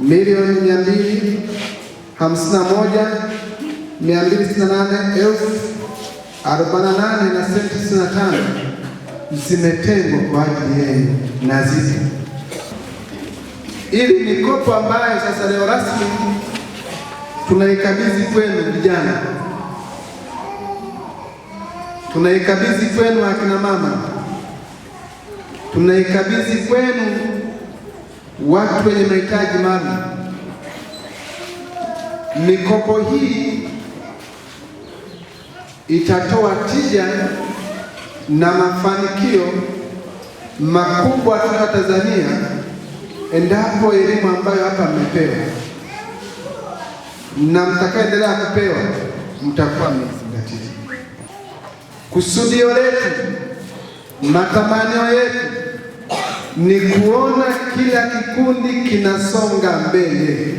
milioni mia mbili hamsini na moja mia mbili sitini na nane elfu arobaini na nane na senti tisini na tano zimetengwa kwa ajili yenu na zipo ili mikopo ambayo sasa leo rasmi tunaikabidhi kwenu vijana, tunaikabidhi kwenu akina mama, tunaikabidhi kwenu watu wenye mahitaji maalum. Mikopo hii itatoa tija na mafanikio makubwa katika Tanzania endapo elimu ambayo hapa mmepewa na mtakaendelea kupewa mtakuwa mmezingatia kusudio letu, matamanio yetu ni kuona kila kikundi kinasonga mbele,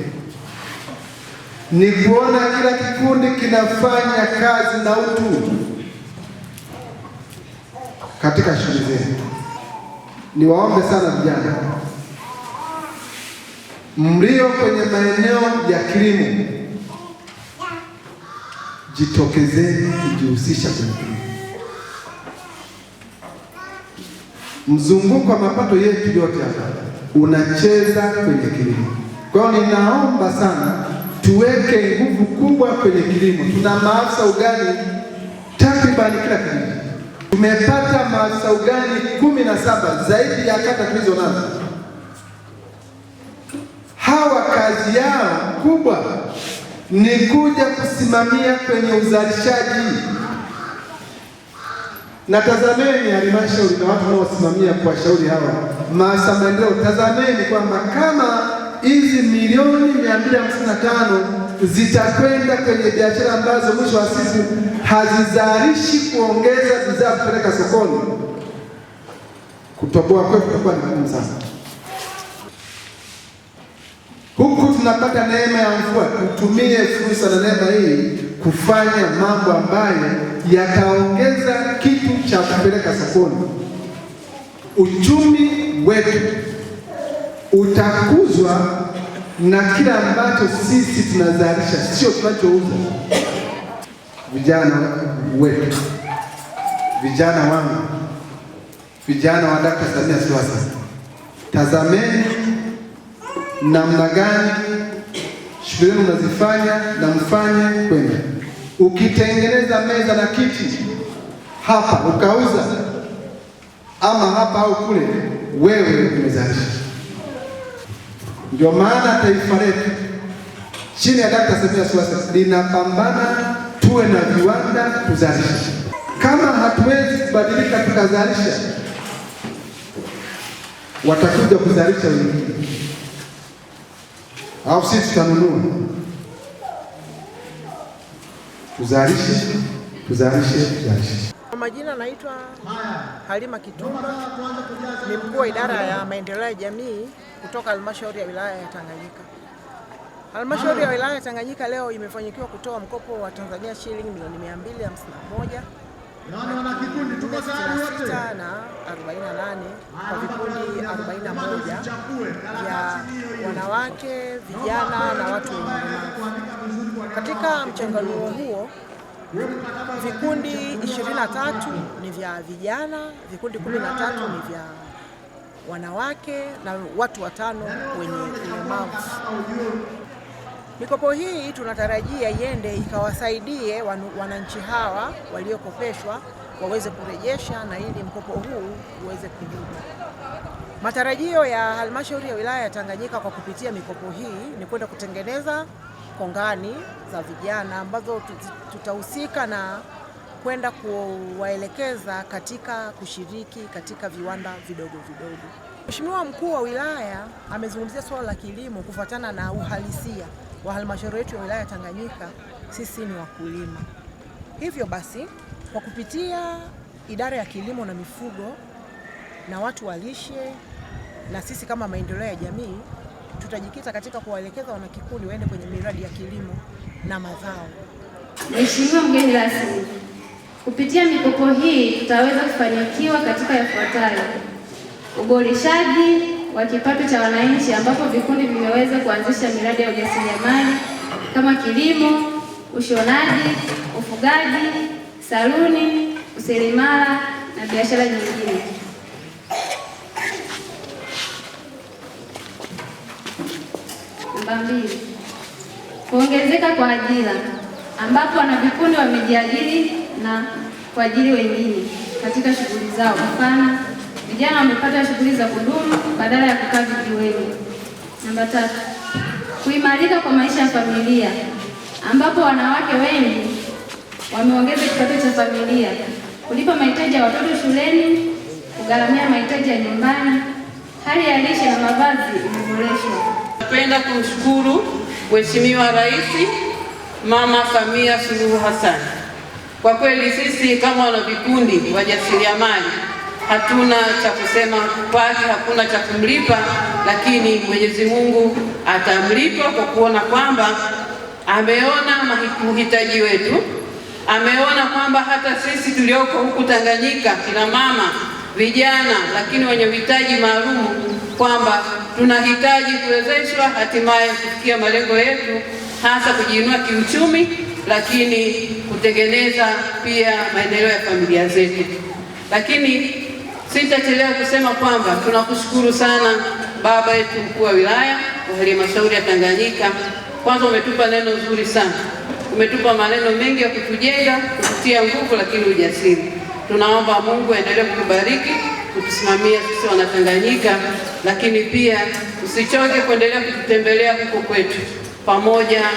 ni kuona kila kikundi kinafanya kazi na utu katika shughuli zetu. Niwaombe sana vijana mlio kwenye maeneo ya kilimo, jitokezeni kujihusisha kwenye kilimo. mzunguko wa mapato yetu yote hapa unacheza kwenye kilimo. Kwa hiyo ninaomba sana tuweke nguvu kubwa kwenye kilimo. Tuna maafisa ugani takribani kila kijiji, tumepata maafisa ugani kumi na saba zaidi ya kata tulizo nazo. Hawa kazi yao kubwa ni kuja kusimamia kwenye uzalishaji na tazameni halmashauri na watu wanaosimamia kuwashauri hawa maafisa maendeleo, tazameni kwamba kama hizi milioni mia mbili hamsini na tano zitakwenda kwenye biashara ambazo mwisho wa siku hazizalishi kuongeza bidhaa kupeleka sokoni, kutoboa kwetu kutakuwa ni ngumu sana. Huku tunapata neema ya mvua, tutumie fursa na neema hii kufanya mambo ambayo yataongeza kitu cha kupeleka sokoni. Uchumi wetu utakuzwa na kila ambacho sisi tunazalisha, sio tunachouza. Vijana wetu, vijana wangu, vijana wa Dakta Samia Suluhu Hassan, tazameni namna gani shughuli zenu mnazifanya na mfanye kwenda. Ukitengeneza meza na kiti hapa ukauza ama hapa au kule, wewe umezalisha. Ndio maana taifa letu chini ya Dakta Samia Suluhu Hassan linapambana tuwe na viwanda kuzalisha Kama hatuwezi kubadilika tukazalisha, watakuja kuzalisha wengine au sisi tutanunua? Tuzalishe, tuzalishe, tuzalishe. Kwa majina naitwa Halima Kitumba, ni mkuu wa idara ya maendeleo ya jamii kutoka halmashauri ya wilaya ya Tanganyika. Halmashauri ya wilaya ya Tanganyika leo imefanyikiwa kutoa mkopo wa Tanzania shilingi milioni 251 46 na 48 kwa vikundi 41 ya wanawake, vijana na watu wenye. Katika mchanganuo huo vikundi 23 ni vya vijana, vikundi 13 ni vya wanawake na watu watano yaani wenye ulemavu. Mikopo hii tunatarajia iende ikawasaidie wananchi hawa waliokopeshwa waweze kurejesha na ili mkopo huu uweze kurudi. Matarajio ya halmashauri ya wilaya ya Tanganyika kwa kupitia mikopo hii ni kwenda kutengeneza kongani za vijana ambazo tutahusika na kwenda kuwaelekeza katika kushiriki katika viwanda vidogo vidogo. Mheshimiwa mkuu wa wilaya amezungumzia suala la kilimo kufuatana na uhalisia wa halmashauri yetu ya wilaya Tanganyika, sisi ni wakulima. Hivyo basi kwa kupitia idara ya kilimo na mifugo na watu wa lishe na sisi kama maendeleo ya jamii tutajikita katika kuwaelekeza wanakikundi waende kwenye miradi ya kilimo na mazao. Mheshimiwa mgeni rasmi, kupitia mikopo hii tutaweza kufanikiwa katika yafuatayo: uboreshaji wa kipato cha wananchi ambapo vikundi vimeweza kuanzisha miradi ya ujasiriamali kama kilimo, ushonaji, ufugaji, saluni, useremala na biashara nyingine. Namba mbili, kuongezeka kwa ajira ambapo wanavikundi wamejiajiri na kuajiri wengine katika shughuli zao mfano Vijana wamepata shughuli za kudumu badala ya kukaa vijiweni. Namba tatu, kuimarika kwa maisha ya familia ambapo wanawake wengi wameongeza kipato cha familia, kulipa mahitaji ya watoto shuleni, kugharamia mahitaji ya nyumbani. Hali ya lishe ya mavazi imeboreshwa. Napenda kumshukuru Mheshimiwa Rais Mama Samia Suluhu Hassan. Kwa kweli sisi kama wana vikundi wajasiriamali hatuna cha kusema kwake, hakuna cha kumlipa, lakini Mwenyezi Mungu atamlipa kwa kuona kwamba ameona uhitaji wetu, ameona kwamba hata sisi tulioko huku Tanganyika, kina mama, vijana, lakini wenye uhitaji maalum, kwamba tunahitaji kuwezeshwa hatimaye kufikia malengo yetu, hasa kujiinua kiuchumi, lakini kutengeneza pia maendeleo ya familia zetu, lakini Sitachelewa kusema kwamba tunakushukuru sana baba yetu mkuu wa wilaya wa halmashauri ya Tanganyika. Kwanza umetupa neno zuri sana, umetupa maneno mengi ya kutujenga, kututia nguvu, lakini ujasiri. Tunaomba Mungu aendelee kukubariki, kutusimamia sisi Wanatanganyika, lakini pia usichoke kuendelea kututembelea huko kwetu pamoja